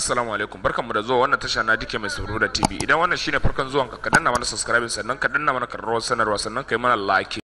assalamu alaikum barkanmu da zuwa wannan tasha na dike mai sauro da tv idan wannan shine farkon zuwanka ka danna mana subscribe sannan ka danna mana karrawar sanarwa sannan ka mana like